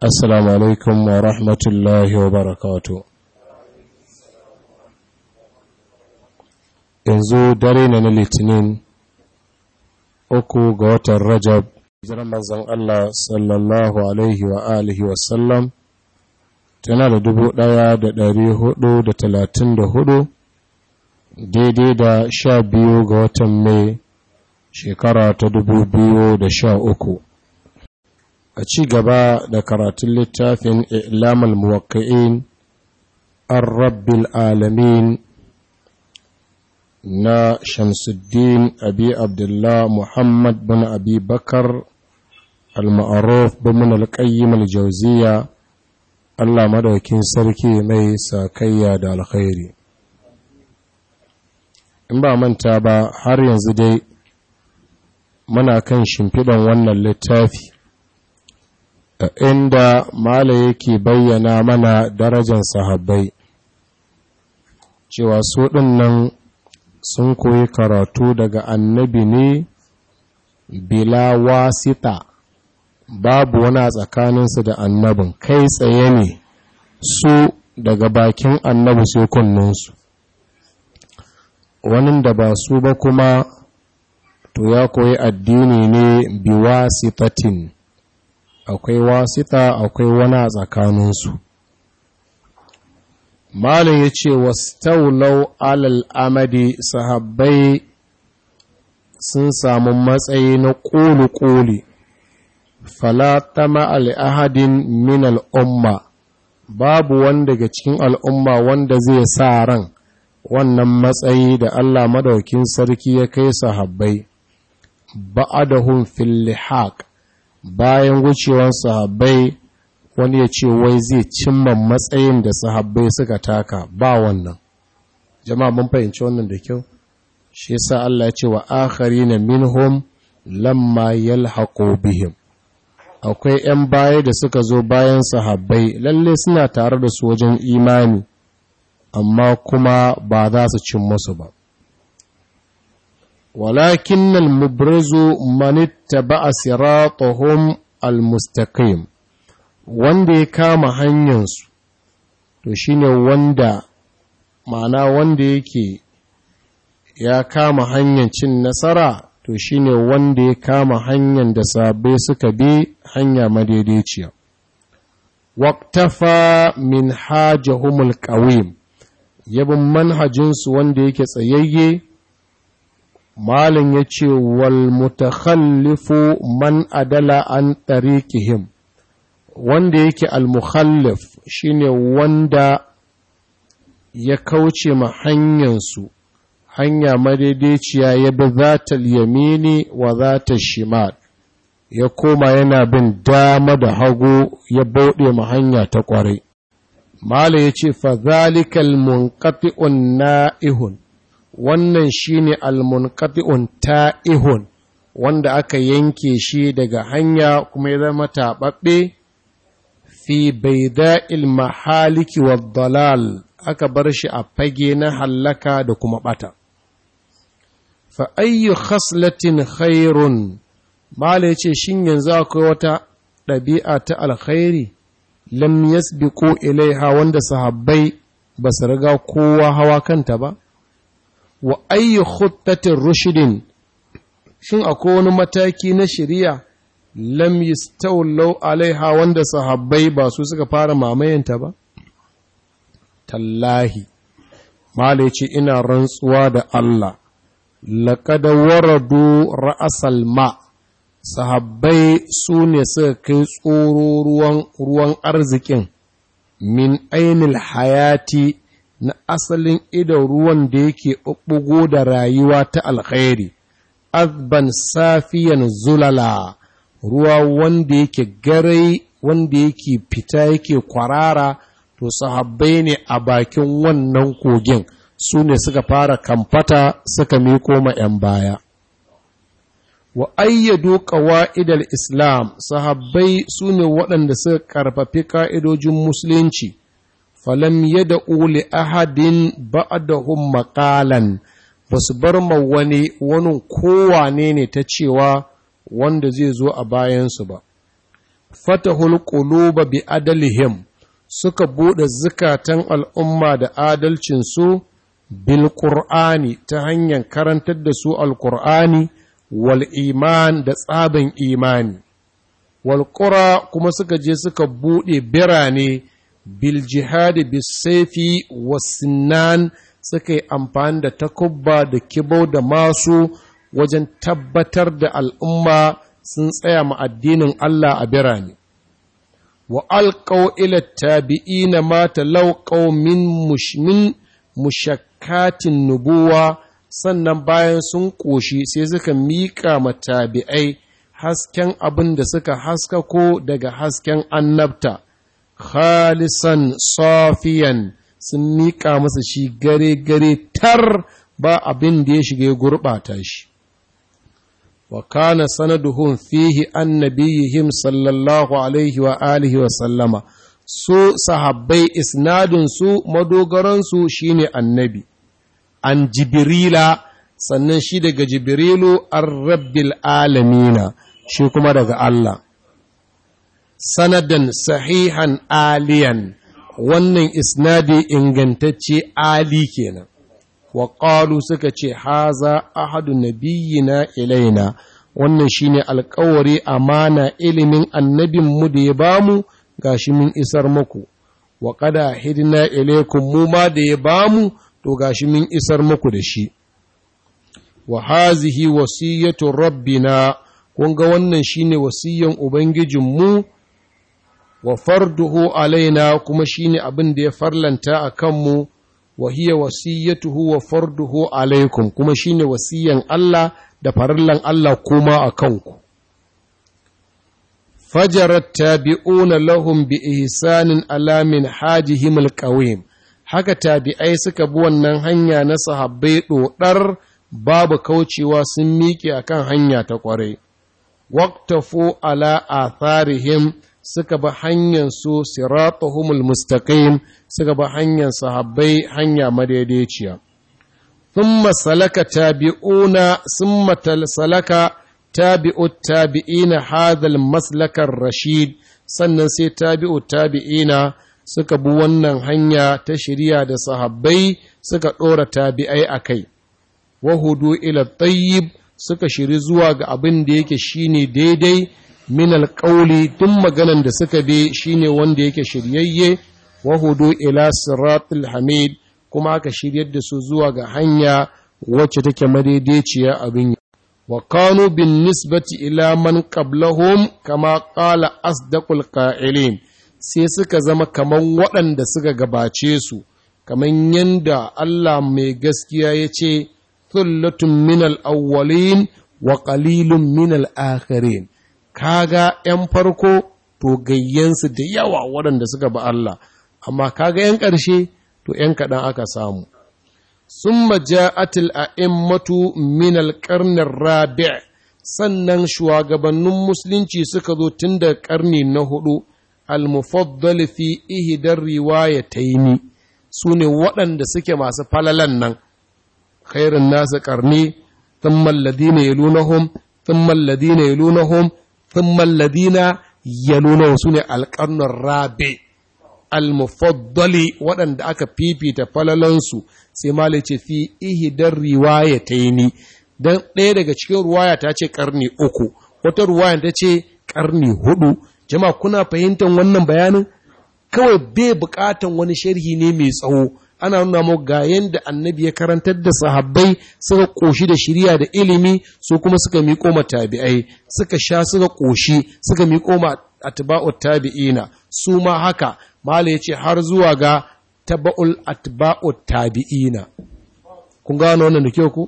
Assalamu alaikum wa rahmatullahi wa barakatu. Yanzu dare na na Litinin uku ga watan Rajab, jiran manzan Allah sallallahu Alaihi wa alihi tana da dubu ɗaya da ɗari hudu da talatin da hudu, daidai da sha biyu ga watan Mai shekara ta dubu biyu da sha uku. a ci gaba da karatun littafin ilamul muwakka'in arrabbil rabbil alamin na shamsuddin abi abdullah muhammad bin abi bakar al-ma'aruf bin al-qayyim al-jawziya Allah madaukin sarki mai sakayya da alkhairi in ba manta ba har yanzu dai muna kan shimfiɗan wannan littafi inda mala yake bayyana mana darajar sahabbai cewa su nan sun koyi karatu daga annabi ne bila wasita babu wani tsakaninsu da annabin kai tsaye ne su daga bakin annabi sai kunninsu wani da ba su ba kuma to ya koyi addini ne biwasitatin akwai wasita akwai wani a tsakaninsu malin ya ce wastaulau alal amadi sahabbai sun samu matsayi na ƙoli-ƙoli falatama al'ahadin min al'umma babu wanda daga cikin al'umma wanda zai sa ran wannan matsayi da Allah madaukin sarki ya kai sahabbai ba'adahun fil bayan wucewar sahabbai wani ya ce wai zai cimma matsayin da sahabbai suka taka ba wannan jama'a mun fahimci wannan da kyau shi yasa Allah ya ce wa na minhum lamma yalhaqu bihim akwai ‘yan baya da suka zo bayan sahabbai lalle suna tare da su wajen imani amma kuma ba za su cimma su ba walakin al-mubrizu manitta ba'a siratahum wanda ya kama hanyarsu to wanda ma'ana wanda yake ya kama hanyar cin nasara to shine wanda ya kama hanyar da sabai suka bi hanya madaidaiciya waktafa min hajahumul qawim yabin manhajinsu wanda yake tsayayye malin ya ce wal mutakhallifu man adala an tariqihim wanda yake al-mukhallif shine wanda ya kauce ma su. hanya madaidaiciya ya bi zatal yamini wa zatal shimal ya koma yana bin dama da hagu ya bauɗe ma hanya ta ƙwarai malin ya ce fa zalikal munqati'un na'ihun wannan shine almunqati'un ta'ihun wanda aka yanke shi daga hanya kuma ya zama taɓaɓe. fi baida'il mahaliki wa dalal aka bar shi a fage na hallaka da kuma ɓata fa ayyu khaslatin khairun mala yace shin yanzu akwai wata ɗabi'a ta alkhairi lam yasbiqu ilaiha wanda sahabbai ba su riga kowa hawa kanta ba wa ayyu khuttatin rushidin shin akwai wani mataki na shari'a lam yastawlau alaiha wanda sahabbai ba su suka fara mamayanta ba tallahi mala ina rantsuwa da Allah laqad waradu ra'asal ma sahabbai su ne suka kai tsoro ruwan arzikin min ainil hayati na asalin idan ruwan da yake ɓuɓɓugo da rayuwa ta alkhairi, azban safiyan zulala, ruwa wanda yake garai wanda yake fita yake kwarara, to sahabbai ne a bakin wannan kogin su ne suka fara kamfata suka miko ma ‘yan baya. Wa ayyadu ƙawa'idar Islam, sahabbai su ne waɗanda suka ƙarfafi ka'idojin Musulunci. falam yada Uli ahadin ba'dahum maqalan basu bar ma wani wani kowane ne ta cewa wanda zai zo a bayansu ba fatahul quluba bi adalihim suka buɗe zukatan al'umma da adalcin su bil qur'ani ta hanyar karantar da su alqur'ani wal iman da tsaban imani wal kuma suka je suka buɗe birane bil jihadi bis wasinnan suka yi amfani da takubba da kibo da masu wajen tabbatar da al'umma sun tsaya ma addinin Allah a birane wa alƙau ila tabi'ina ma talauƙau min mushmin mushakkatin nubuwa sannan bayan sun ƙoshi sai suka miƙa matabi'ai hasken abin da suka haskako daga hasken annabta khalisan safiyan sun miƙa masa shi gare-gare tar ba abin da ya shiga ya gurɓata shi. Wa kana sanaduhun fihi annabiyihim sallallahu alaihi wa alihi wa sallama, su sahabbai isnadinsu madogaransu shine annabi, an jibirila sannan shi daga jibirilu an rabbil alamina, shi kuma daga Allah. sanadan sahihan aliyan wannan isnadi ingantacce ali kenan wa qalu suka ce haza ahadu nabiyyina ilaina wannan shine alƙawari amana ilimin annabin mu da ya bamu gashi min isar muku wa qada hidna ilaykum mu ma da ya bamu to gashi min isar muku da shi wa hazihi wasiyatu rabbina kun ga wannan shine wasiyan ubangijin mu wa farduhu alaina kuma shine abin da ya farlanta a kanmu wa hiya wasiyyatuhu wa farduhu alaikum kuma shine wasiyan Allah da farallan Allah kuma a kanku fajarat tabi'una lahum bi ihsanin ala min hajihim alqawim haka tabi'ai suka bi wannan hanya na sahabbai dodar babu kaucewa sun miƙe akan hanya ta kwarai waqtafu ala atharihim suka ba hanyar su humul mustaqim suka ba hanyar sahabbai hanya madaidaiciya thumma salaka tabi'una thumma salaka tabi'ut tabi'ina hadhal maslakar rashid sannan sai tabi'ut tabi'ina suka bi wannan hanya ta shirya da sahabbai suka dora tabi'ai akai wahudu ila tayyib suka shiri zuwa ga abin da yake shine daidai min alƙauli tun maganan da suka bi shine wanda yake shiryayye wa hudu ila siratul hamid kuma aka shiryar da su zuwa ga hanya wacce take madaidaiciya abin wa kanu bin nisbati ila man qablahum kama qala asdaqul qa'ilin sai suka zama kaman waɗanda suka gabace su kaman yanda Allah mai gaskiya ya ce thullatun minal awwalin wa qalilun minal akhirin kaga ‘yan farko to gayyansu da yawa waɗanda suka ba Allah, amma kaga ‘yan ƙarshe to ‘yan kaɗan aka samu. Sun maja'atil a'immatu min alƙarnin rabi' sannan shugabannin musulunci suka zo tun da ƙarni na hudu, al fi ihidar riwaya ta yi su ne waɗanda suke masu falalan nan, kairin nasu ƙarni, thumma alladhina yalunahum thumma alladhina yalunahum thumma alladhina yaluna su ne alqarnur rabi almufaddali waɗanda aka fifita falalansu sai malai fi ihidar riwayataini ta yi ni don ɗaya daga cikin ruwaya ta ce ƙarni uku wata ruwaya ta ce ƙarni hudu jama'a kuna fahimtar wannan bayanin kawai bai buƙatan wani sharhi ne mai tsawo ana nuna mu ga yadda annabi ya karantar da sahabbai suka koshi da shiriya da ilimi su kuma suka miƙo ma tabi'ai suka sha suka koshi suka miƙo ma atba'u tabi'ina su ma haka mala ce har zuwa ga taba'ul atba'u tabi'ina kun gano wannan da kyau ku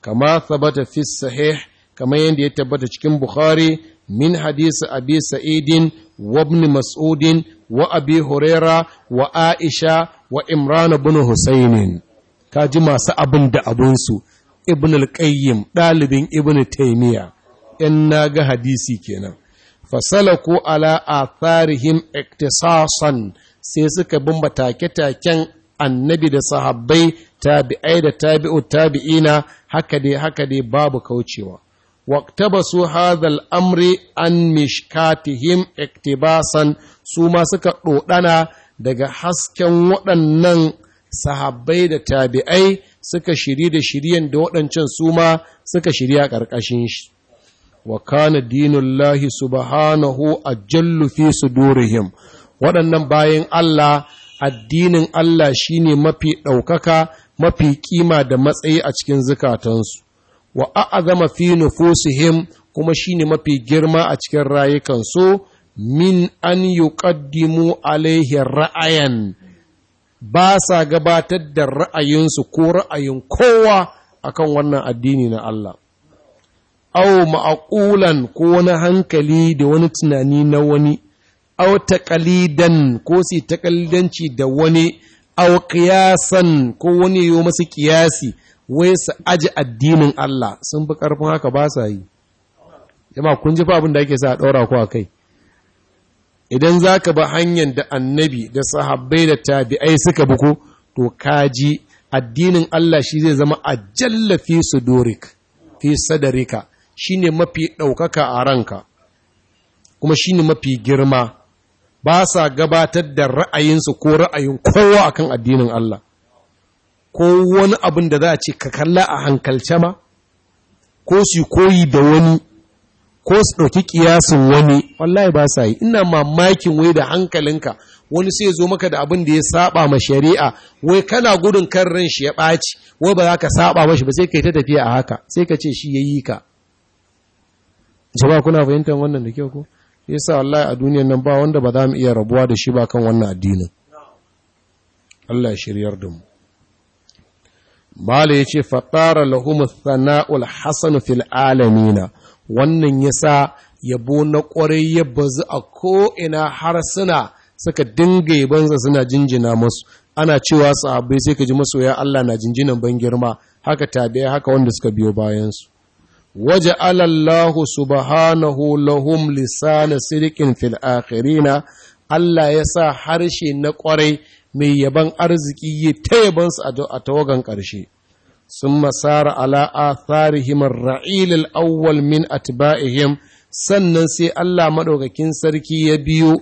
kama thabata fi sahih kamar yadda ya tabbata cikin bukhari min hadisi abi sa'idin Wabni Mas'udin, abi Hurera wa Aisha wa Imrana Buna Husseinin, ka ji masu abin da abinsu, Ibn Alqayyim, ɗalibin Ibn Taimiyya, in na ga hadisi kenan. Fasalau ala a tsari himmete sai suka bambanta take-taken annabi da sahabbai tabi'ai da tabi'u, tabi'u na hakadai-hakadai babu kaucewa. waqtabasu hadha amri an mishkatihim iktibasan su ma suka ɗoɗana daga hasken waɗannan sahabbai da tabi'ai suka shiri da shiryen da waɗancan su ma suka shirya ƙarƙashin shi wa kana dinullahi subhanahu ajallu fi sudurihim waɗannan bayan Allah addinin Allah shine mafi ɗaukaka mafi kima da matsayi a cikin zukatansu wa a'azama fi nufusihim kuma shine mafi girma a cikin rayukansu min an yuqaddimu alaihi ra'ayan ba sa gabatar da ra'ayinsu ko ra'ayin kowa akan wannan addini na Allah aw ma'aqulan ko wani hankali da wani tunani na wani aw taqalidan ko si taqalidanci da wani aw qiyasan ko wani yo masu kiyasi. wai su aji addinin Allah sun fi ƙarfin haka ba sa yi jama kun ji fa da ake sa a ɗaura ku a kai idan za ka ba hanyar da annabi da sahabbai da tabi'ai suka bi to kaji addinin Allah shi zai zama a jallafi su dorik fi sadarika shi ne mafi ɗaukaka a ranka kuma shi ne mafi girma ba sa gabatar da ra'ayinsu ko ra'ayin kowa akan addinin Allah ko wani abin da za a ce ka kalla a hankalce ma ko su koyi da wani ko su ɗauki ƙiyasin wani wallahi ba sa yi ina mamakin wai da hankalinka wani sai zo maka da abin da ya saba ma shari'a wai kana gudun kan ran shi ya ɓaci wai ba za ka saba mashi ba sai ka yi ta tafiya a haka sai ka ce shi ya yi ka jama'a kuna fahimtar wannan da kyau ko yasa wallahi a duniyar nan ba wanda ba za mu iya rabuwa da shi ba kan wannan addinin Allah ya shiryar da mu Bala ya ce, Fattara lahumus sana'ul Hassan fil alamina, wannan ya sa yabo na ƙwarai ya bazu a ko'ina har suna suka dinga banza suna jinjina masu, ana cewa sa'abai sai ka ji masoya Allah na jinjinan ban girma, haka tabiya haka wanda suka biyo bayansu. Waje alallahu subhanahu lahum lisana sirikin fil akhirina Allah ya sa harshe na ƙwarai mai yaban arziki ya ta yabansu a tawagan ƙarshe sun masara ala atharihim ra'ilil awwal min atba'ihim sannan sai Allah maɗaukakin sarki ya biyo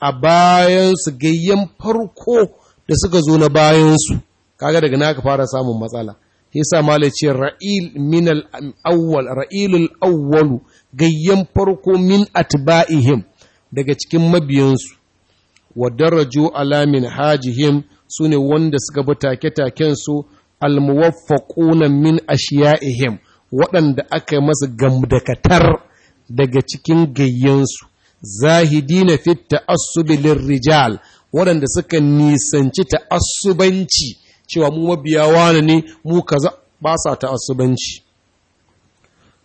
a bayansu gayyan farko da suka zo na bayansu kaga daga naka fara samun matsala yasa malai ce ra'il al-awwal ra'ilul awwalu gayyan farko min atba'ihim daga cikin mabiyansu wa daraju alamin hajihim su ne wanda suka bi take-taken su almuwaffaquna min ashiya'ihim waɗanda aka yi masa gamdakatar daga cikin gayyansu zahidina fit ta'assubi Rijal, waɗanda suka nisanci ta'assubanci cewa mu mabiya wani ne mu kaza ba sa ta'assubanci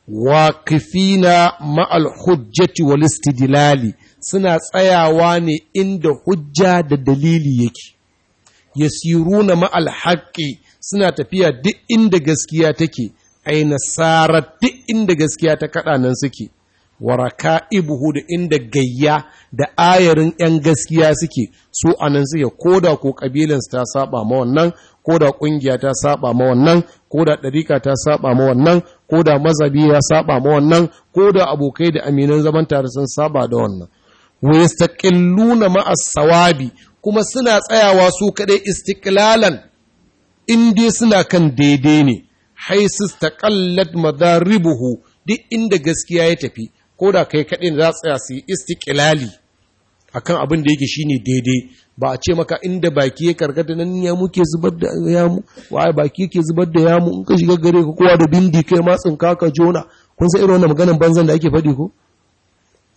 waqifina ma'al hujjati wal istidlali suna tsayawa ne inda hujja da dalili yake yasiruna ma'al haqqi suna tafiya duk inda gaskiya take ai duk inda gaskiya ta kaɗa nan suke waraka ibuhu da inda gayya da ayarin 'yan gaskiya suke su a nan suke koda ko ƙabilansu ta saba ma wannan koda ƙungiya ta saba ma wannan koda ɗarika ta saba ma wannan ko da mazabi ya saba ma wannan ko da abokai da aminan zaman tare sun saba da wannan wa yastaqilluna ma'a sawabi kuma suna tsayawa su kadai istiqlalan in dai suna kan daidai ne haisu taqallat madaribuhu duk inda gaskiya ya tafi ko da kai kadai za tsaya su yi istiqlali akan abin da yake shine daidai ba a ce maka inda baki ya karkata nan ya muke zubar da yamu waye baki yake zubar da yamu in ka shiga gare ka kowa da bindi kai ma tsinka ka jona kun san irin wannan maganar banzan da ake faɗi ko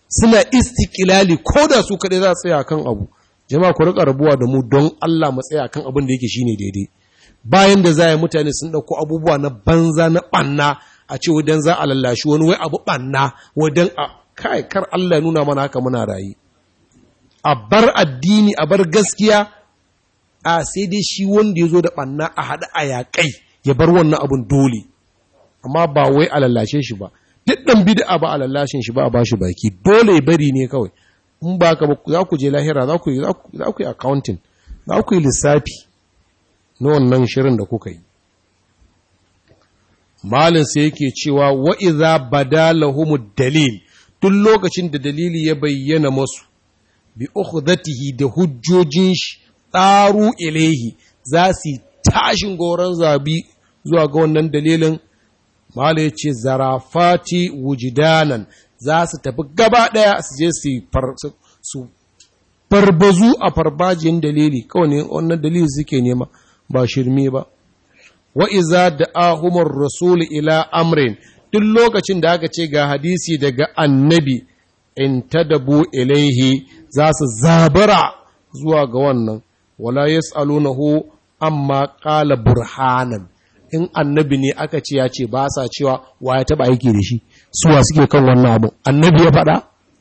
suna istiqlali ko da su kaɗai za su tsaya kan abu jama'a ku rika rabuwa da mu don Allah mu tsaya kan abin da yake shine daidai bayan da za mutane sun ɗauko abubuwa na banza na ɓanna a ce wadan za a lallashi wani wai abu banna wadan a kai kar Allah nuna mana haka muna rayi. a bar addini a bar gaskiya a sai dai shi wanda ya zo da ɓanna a haɗa a yaƙai ya bar wannan abin dole amma ba wai a lallashe shi ba duk ɗan bid'a ba a lallashin shi ba a bashi baki dole ya bari ne kawai in ba ka za ku je lahira za ku yi za accounting za ku yi lissafi na wannan shirin da kuka yi malin sai yake cewa wa idza badalahum dalil duk lokacin da dalili ya bayyana masu bi ukhdatihi da hujjojin shi tsaru ilaihi za su tashin goron zabi zuwa ga wannan dalilin mala ya ce zarafati wujidanan za su tafi gaba ɗaya su je su farbazu a farbajin dalili kawai ne wannan dalili suke nema ba shirme ba wa iza da ahumar rasul ila amrin duk lokacin da aka ce ga hadisi daga annabi in tadabu ilaihi za su zabara zuwa ga wannan wala yas'alunahu amma qala burhanan in annabi ne aka ce ya ce ba sa cewa wa ya taba aiki da shi suwa suke kan wannan abu annabi ya faɗa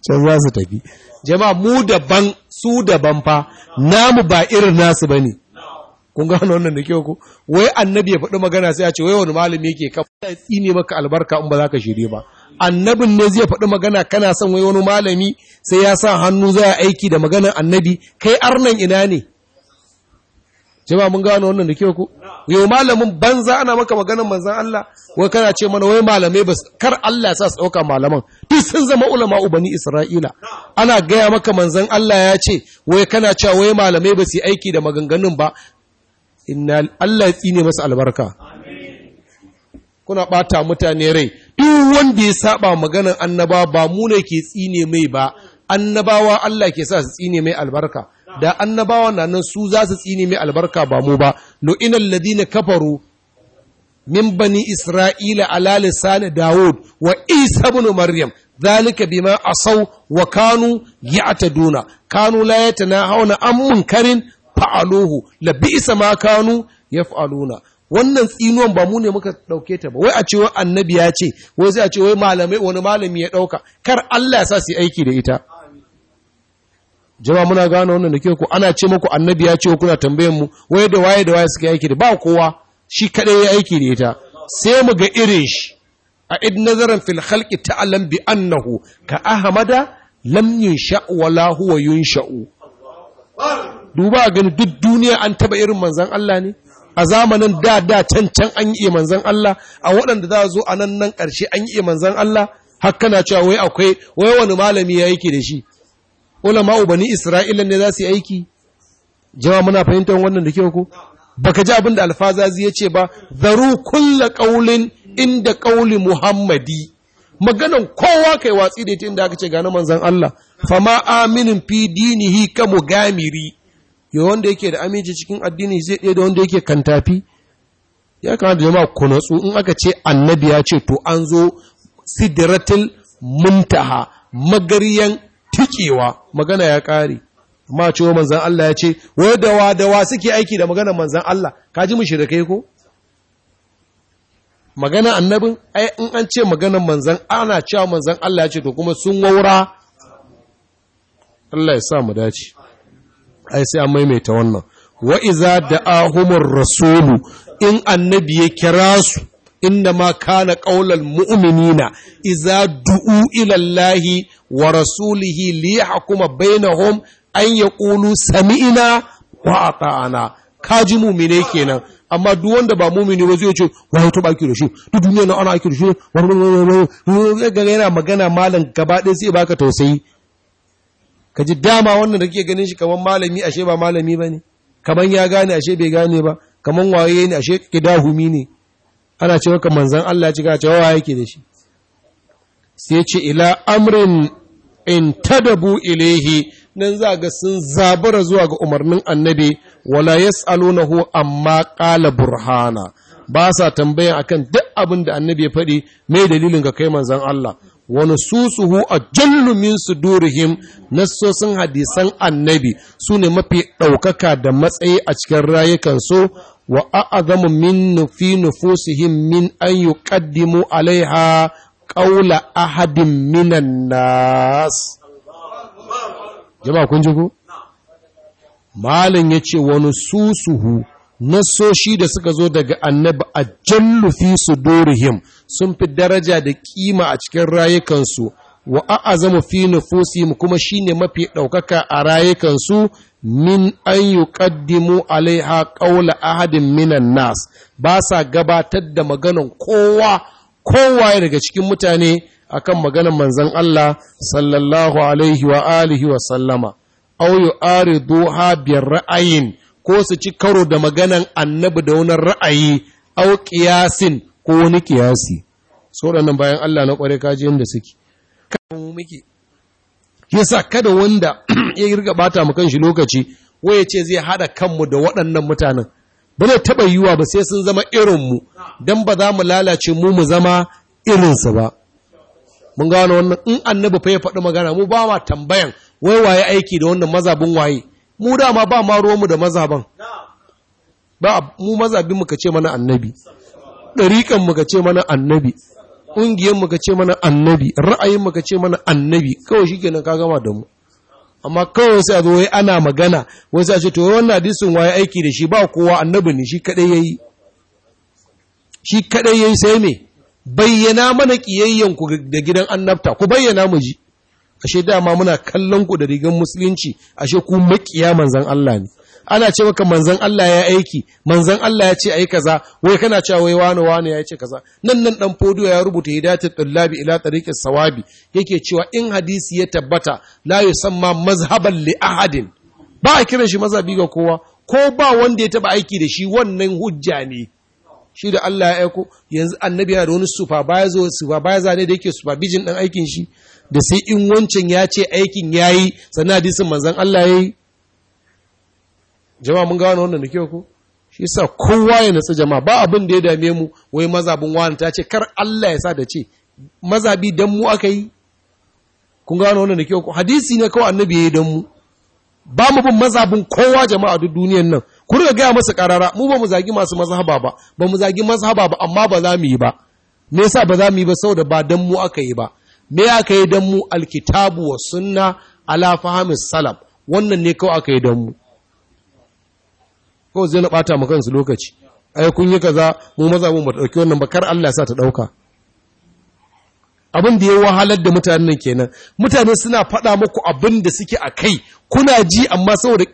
can za su tafi jama'a mu daban su daban fa namu ba irin nasu bane kun gano wannan da kyau ko wai annabi ya faɗi magana sai ya ce wai wani malami yake ka tsine maka albarka in ba za ka shirye ba annabin ne zai faɗi magana kana son wai wani malami sai ya sa hannu zai aiki da maganar annabi kai arnan ina ne jama'a mun gano wannan da ke ku. yau malamin banza ana maka maganar manzan Allah wai kana ce mana wai malamai ba kar Allah ya sa su dauka malaman duk sun zama ulama ubani Isra'ila ana gaya maka manzan Allah ya ce wai kana cewa wai malamai ba su aiki da maganganun ba inna Allah ya tsine masa albarka kuna bata mutane rai duk wanda ya saba maganar annaba ba mu ne ke tsine mai ba annabawa Allah ke sa su tsine mai albarka da annabawa na nan su za su tsine mai albarka ba mu ba lu'inal ladina kafaru min bani isra'ila ala lisan daud wa isa ibn maryam zalika a sau wa kanu ya'taduna kanu la yatanahawna an karin fa'aluhu la isa ma kanu yaf'aluna wannan tsinuwan ba mu ne muka ɗauke ta ba wai a ce wai annabi ya ce wai sai a ce malamai wani malami ya ɗauka kar Allah ya sa su yi aiki da ita Jama'a muna gano wannan da ke ku ana ce muku annabi ya ce kuna tambayan mu Wai da waye da waye suka aiki da ba kowa shi kaɗai ya aiki da ita sai mu ga irin shi a id nazaran fil khalqi ta'lam bi annahu ka ahmada lam yunsha wala huwa yunsha duba gani duk duniya an taba irin manzon Allah ne a zamanin da da can can an yi manzan Allah a waɗanda za zo a nan nan ƙarshe an yi manzan Allah haka na cewa wai akwai wai wani malami ya yake da shi ulama'u ni isra'ila ne za su yi aiki jama muna fahimtar wannan da kyau ko baka ji abin da alfazazi ya ce ba zaru kulla qaulin inda kauli muhammadi maganan kowa kai watsi da ita inda aka ce gani manzan Allah fama aminin fi dinihi ka mugamiri yo wanda yake da aminci cikin addini zai ɗaya da wanda yake kantafi ya kamata jama'a ku natsu in aka ce annabi ya ce to an zo sidratul muntaha magariyan tikewa magana ya ƙare amma cewa manzan Allah ya ce wai dawa dawa suke aiki da magana manzan Allah ka ji kai ko magana annabin ai in an ce magana manzan ana cewa manzan Allah ya ce to kuma sun waura Allah ya sa mu dace ai sai an maimaita wannan wa iza da'ahumur rasulu in annabi ya kira su inna ma kana qaulal mu'minina iza du'u ila llahi wa rasulihi kuma bainahum an yaqulu sami'na wa ata'ana kaji mu'mine kenan amma duk wanda ba mumini ba zai ce wa to baki da shi duk duniya na ana da shi wani ga yana magana malam gaba ɗaya sai baka tausayi ka ji dama wannan da kake ganin shi kamar malami ashe ba malami ba ne kaman ya gane ashe bai gane ba Kamar waye ne ashe dahumi ne ana cewa ka manzan Allah ci ga cewa yake da shi sai ce ila amrin in tadabu ilaihi nan za ga sun zabura zuwa ga umarnin annabi wala yas'alunahu amma qala burhana ba sa tambayan akan duk abin da annabi ya faɗi mai dalilin ga kai manzan Allah wa nususuhu ajallu min na nassosin hadisan annabi su ne mafi ɗaukaka da matsayi a cikin rayukansu wa a'azamu min nufi nufusihim min an yi yuqaddimu alaiha qawla ahadin minan nas jama'a kun ji ku malam yace wa nususuhu nassoshi da suka zo daga annabi a ajallu fi durihim sun fi daraja da kima a cikin rayukansu wa a a'azamu fi mu kuma shine mafi ɗaukaka a rayukansu min an yi yuqaddimu alaiha ƙaula ahadin minan nas ba sa gabatar da maganan kowa kowa daga cikin mutane akan maganan manzan Allah sallallahu alaihi wa alihi wa sallama biyar ra'ayin ko su ci karo da maganan annabi da wani ra'ayi au kiyasin ko wani kiyasi so bayan Allah na ƙware kaji yadda suke kan mu muke yasa kada wanda ya riga bata mu shi lokaci waya ce zai hada kanmu da waɗannan mutanen ba zai taɓa yiwuwa ba sai sun zama irinmu don ba za mu lalace mu mu zama irinsu ba mun gano wannan in annabi fa ya faɗi magana mu ba ma tambayan wai waye aiki da wannan mazabin waye mu dama ba ma ruwanmu da mazaban ba mu mazabin ka ce mana annabi ɗariƙan muka ce mana annabi ƙungiyar muka ce mana annabi ra'ayin muka ce mana annabi kawai shi kenan ka gama da mu amma kawai sai a zo wai ana magana wai sai a ce to wannan hadisin waye aiki da shi ba kowa annabi ne shi kadai yayi shi kadai yayi sai me bayyana mana kiyayyen ku da gidan annabta ku bayyana mu ji ashe dama muna kallon ku da rigar musulunci ashe ku makiya manzon Allah ne ana ce maka manzan Allah ya aiki manzan Allah ya ce ayi kaza wai kana cewa wai wani wani ya ce kaza nan nan dan fodiyo ya rubuta hidayatul tullabi ila tariqis sawabi yake cewa in hadisi ya tabbata la yusamma mazhaban li ahadin ba a kiran shi mazhabi ga kowa ko ba wanda ya taba aiki da shi wannan hujja ne shi da Allah ya aiko yanzu annabi yana da wani supervisor supervisor ne da yake supervision din aikin shi da sai in wancan ya ce aikin yayi sannan hadisin manzan Allah yayi jama'a mun gano wannan da kyau ko shi yasa kowa ya natsu jama'a ba abin da ya dame mu wai mazabin wani ta ce kar Allah ya sa da ce mazabi dan mu aka yi kun gano wannan da kyau ko hadisi ne kawai annabi ya yi dan mu ba mu bin mazabin kowa jama'a duk duniyar nan ku riga gaya masa karara mu ba mu zagi masu mazhaba ba ba mu zagi mazhaba ba amma ba za mu yi ba me yasa ba za mu yi ba saboda ba dan mu aka yi ba me aka yi dan mu alkitabu wa sunna ala fahamis salaf wannan ne kawai aka yi dan mu kawai zai na ɓata maka su lokaci ai kun yi kaza mu maza mu bata ɗauki wannan ba kar Allah sa ta ɗauka abin da ya wahalar da mutanen kenan mutane suna faɗa muku abin da suke a kai kuna ji amma saboda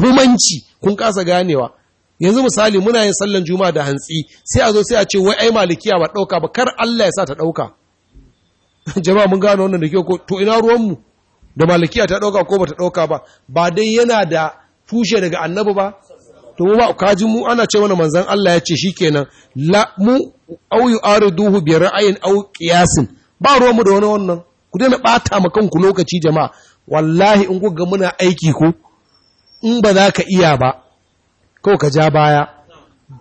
humanci kun kasa ganewa yanzu misali muna yin sallan juma'a da hantsi sai a zo sai a ce wai ai malikiya ba ɗauka ba kar Allah ya sa ta ɗauka jama'a mun gano wannan da ke ko to ina ruwanmu da malikiya ta ɗauka ko ba ta ɗauka ba ba dai yana da tushe daga annabi ba to mu ba kaji mu ana ce wani manzan Allah ya ce kenan la mu au ariduhu bi ra'ayin au qiyasin ba ruwan mu da wani wannan ku daina bata ma kanku lokaci jama'a wallahi in kuka ga muna aiki ko in ba za ka iya ba Ko ka ja baya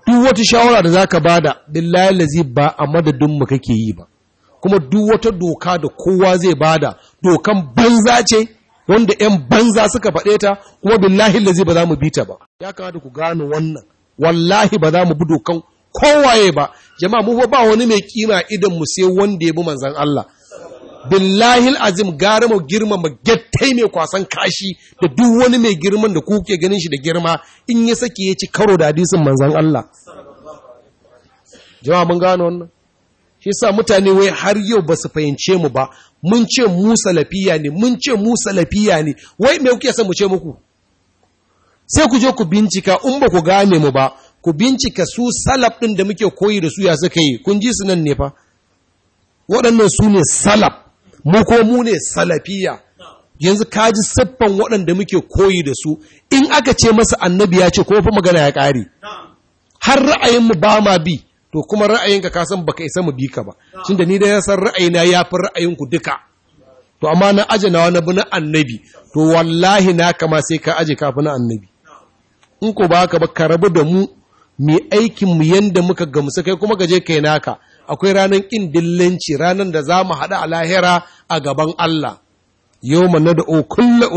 duk wata shawara da za ka bada billahi lazi ba a madadin mu kake yi ba kuma duk wata doka da kowa zai bada dokan banza ce wanda 'yan banza suka faɗe ta kuma billahi lazi ba za mu bi ta ba ya kamata ku gano wannan wallahi ba za mu bi dokan kowaye ba jama'a mu ba wani mai kima idan mu sai wanda ya bi manzon Allah billahi azim gara mu girma, girmama gattai mai kwasan kashi da duk wani mai girman da kuke ganin shi da girma in ya saki ya ci karo da hadisin manzon Allah jama'a mun gano wannan shi sa mutane wai har yau ba su fahimce mu ba mun ce mu salafiya ne mun ce mu salafiya ne wai me kuke son mu ce muku sai ku je ku bincika in ba ku gane mu ba ku bincika su salaf ɗin da muke koyi da su ya suka yi kun ji su nan ne fa waɗannan su ne salaf mu ko mu ne salafiya yanzu ka ji siffan waɗanda muke koyi da su in aka ce masa annabi ya ce ko fa magana ya ƙare har ra'ayin mu ba ma bi to kuma ra'ayinka ka san baka isa mu bika ka ba shin da ni da san ra'ayina ya fi ra'ayinku duka to amma na aje na wani bi na annabi to wallahi na kama sai ka aje ka na annabi in ko ba ka ba ka rabu da mu mai aikin mu yanda muka gamsu kai kuma gaje kai naka akwai ranar ƙin dillanci ranar da za mu haɗu a lahira a gaban Allah yau mana da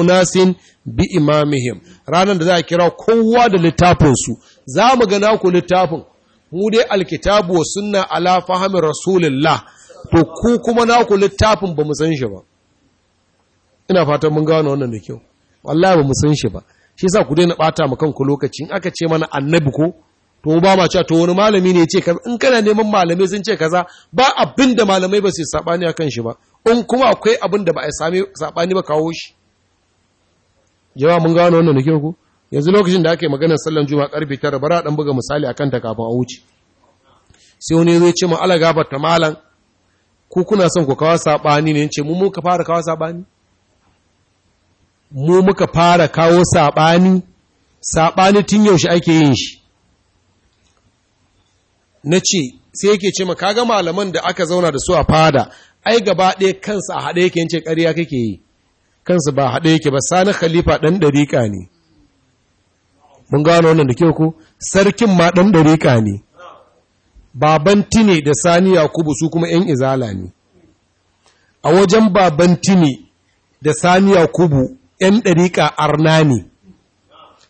unasin bi imamihim ranar da za a kira kowa da littafinsu za mu gana ku littafin mu dai alkitabu wa sunna ala fahimin rasulullah to ku kuma ku littafin ba mu san shi ba ina fatan mun gano wannan da kyau wallahi ba mu san shi ba shi yasa ku daina bata mu kanku lokaci in aka ce mana annabi ko to ba ma cewa to wani malami ne ya ce kaza in kana neman malamai sun ce kaza ba abin da malamai ba su yi sabani akan shi ba in kuma akwai abin da ba a sami sabani ba kawo shi jama'a mun gano wannan da kyau ku yanzu lokacin da ake maganar sallan juma'a karfe tara bara dan buga misali akan ta kafin a wuce sai wani zai ce mu ala gafar ta malam ku kuna son ku kawo sabani ne ce mu muka fara kawo sabani mu muka fara kawo sabani sabani tun yaushe ake yin shi na ce sai yake ce mu kaga malaman da aka zauna da su a fada ai gaba ɗaya kansa a haɗe yake yance ƙarya kake yi Kansa ba hade yake ba sani khalifa ɗan dariƙa ne mun gano wannan da ke ku, sarkin ma ɗan ɗarika ne baban Tini da sani yakubu su kuma ‘yan izala ne a wajen baban Tini da sani yakubu ‘yan ɗariƙa arna ne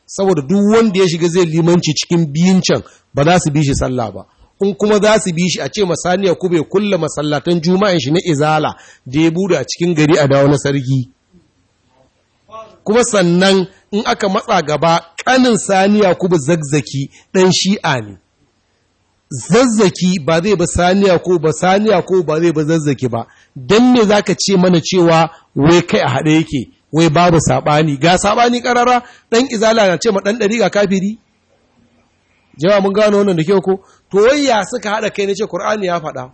saboda duk wanda ya shiga zai limanci cikin biyun can ba za su bi shi sallah ba in kuma za su bi shi a ce masaniya kube kulla masallatan juma'in shi na izala da ya buɗe a cikin gari a dawo na sarki kuma sannan in aka matsa gaba ƙanin saniya kuma zagzaki ɗan shi'a ne zazzaki ba zai ba saniya ko ba saniya ko ba zai ba zazzaki ba don me za ka ce mana cewa wai kai a haɗe yake wai babu saɓani ga saɓani ƙarara ɗan izala na ce ma ɗan ɗari ga kafiri jawa mun gano wannan da kyau ko to wai ya suka haɗa kai ne ce Kur'ani ya faɗa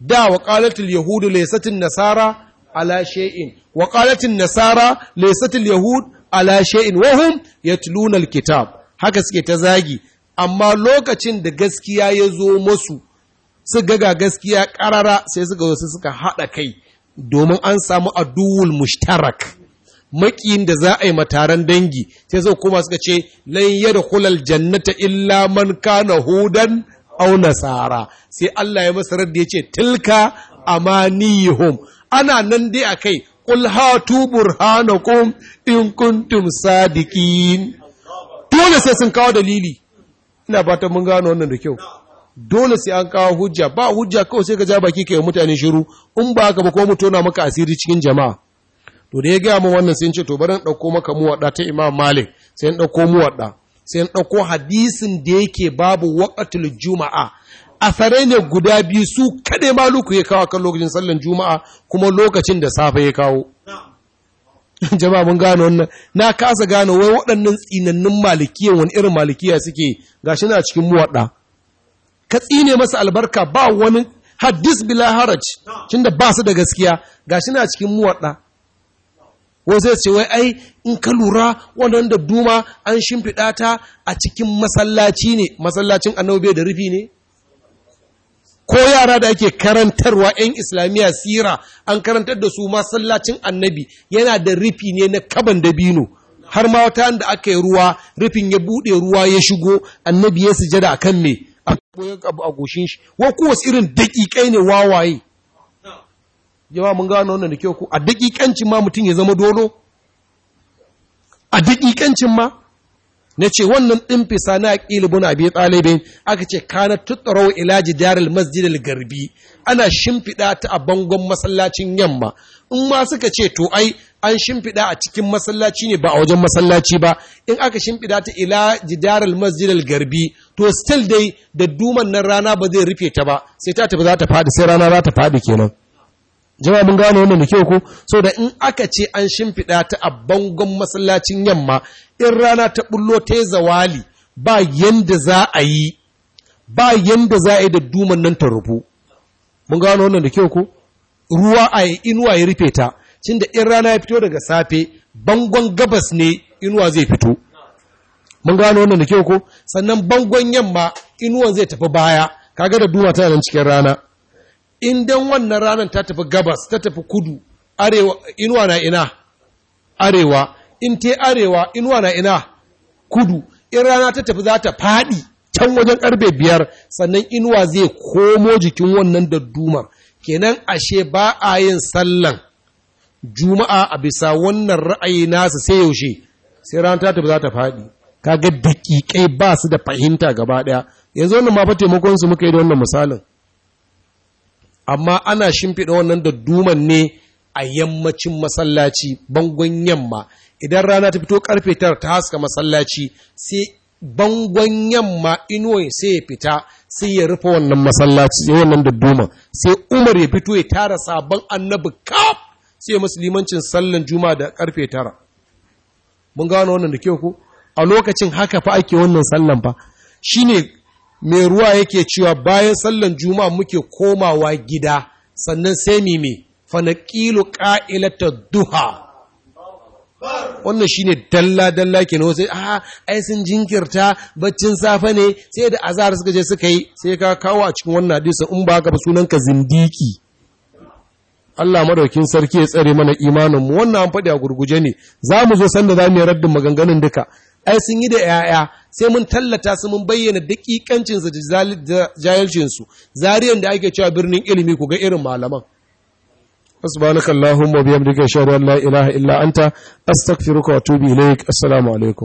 da wa qalatul yahudu laysatin nasara ala shay'in wa nasara laysat al-yahud ala shay'in wa kitab haka suke ta zagi amma lokacin da gaskiya ya zo musu su ga gaskiya karara sai suka wasu suka haɗa kai domin an samu aduwul mushtarak makiyin da za a yi mataran dangi sai suka kuma suka ce lan hulal jannata illa man kana hudan au nasara sai Allah ya masa radda yace tilka amanihum ana nan dai a kai qul hatu burhanakum in kuntum sadikin dole sai sun kawo dalili ina ta mun gano wannan da kyau dole sai an kawo hujja ba hujja kawai sai ka ja baki kai mutane shiru in ba ka ba ko mu tona maka asiri cikin jama'a to da ya gaya mu wannan sai in ce to bari in dauko maka mu ta Imam Malik sai in dauko mu wadda sai in dauko hadisin da yake babu waqatul juma'a Asare ne guda biyu su kaɗai maluku ya kawo kan lokacin sallan juma'a kuma lokacin da safe ya kawo jama'a mun gano wannan na kasa gano wai waɗannan tsinannun malikiya wani irin malikiya suke gashi na cikin muwaɗa ka tsine masa albarka ba wani hadis bila haraj da ba su da gaskiya gashi na cikin muwaɗa wai zai ce wai ai in ka lura wannan duma an shimfiɗa ta a cikin masallaci ne masallacin annabi da rufi ne yara da ake karantarwa 'yan islamiyya sira an karantar da su masallacin annabi yana da rufi ne na kaban dabino har ma wata da aka yi ruwa rufin ya bude ruwa ya shigo annabi ya sujada a kan me a goshin shi wa kuwa irin daƙiƙai ne wawaye jama mun gano wannan da kyau ku a daƙiƙancin ma mutum ya zama dolo a daƙiƙancin ma na ce wannan ɗin fisa na buna abi ɗalibin aka ce kana tuttaro ila jidaril masjidil garbi ana shimfiɗa ta a bangon masallacin yamma in ma suka ce to ai an shimfiɗa a cikin masallaci ne ba a wajen masallaci ba in aka shimfiɗa ta ila jidaril masjidil garbi to still dai da duman nan rana ba zai rufe ta ba sai ta tafi za ta faɗi sai rana za ta faɗi kenan jama'a mun gano wannan da kyau ko so da in aka ce an shimfiɗa ta a bangon masallacin yamma in rana ta bullo ta zawali ba yanda za a yi ba yanda za a yi da duman nan ta rufu mun gano wannan da kyau ko ruwa a yi inuwa ya rufe ta cin da in rana ya fito daga safe bangon gabas ne inuwa zai fito mun gano wannan da kyau ko sannan bangon yamma inuwan zai tafi baya kaga da duma tana nan cikin rana in dan wannan ranar ta tafi gabas ta tafi kudu arewa inuwa na ina arewa in te arewa inuwa na ina kudu in rana ta tafi za ta faɗi can wajen karfe biyar sannan inuwa zai komo jikin wannan daddumar kenan ashe ba a yin sallan juma'a a bisa wannan ra'ayi nasa sai yaushe sai rana ta tafi za ta faɗi kaga daƙiƙai ba su da fahimta gaba ɗaya yanzu wannan ma fa taimakon su muka yi da wannan misalin amma ana shimfiɗa wannan da duman ne a yammacin masallaci bangon yamma idan rana ta fito karfe tara ta haska masallaci sai bangon yamma inuwa sai ya fita sai ya rufe wannan masallaci wannan da duma sai umar ya fito ya tara sabon annabi kaf sai ya musulmancin sallan juma da karfe tara mun gano wannan da kyau ko a lokacin haka fa ake wannan sallan fa shine mai ruwa yake cewa bayan sallan juma'a muke komawa gida sannan sai mime fanakilu kailata duha wannan shine dalla-dalla ke na wasu a ah, ai sun jinkirta baccin safe ne sai da azar suka je suka yi sai ka kawo a cikin wannan hadisa in ba ka ba ka zindiki Allah madaukin sarki ya tsare mana imanin mu wannan an faɗi a gurguje ne za zo sanda za mu yi raddin maganganun duka ai sun yi da ‘ya'ya sai mun tallata su mun bayyana daƙiƙancinsu da jahilcinsu zariyan da ake cewa birnin ilimi ku ga irin malaman subhanakallahumma bihamdika ashhadu an la ilaha illa anta astaghfiruka wa atubu ilaik assalamu alaikum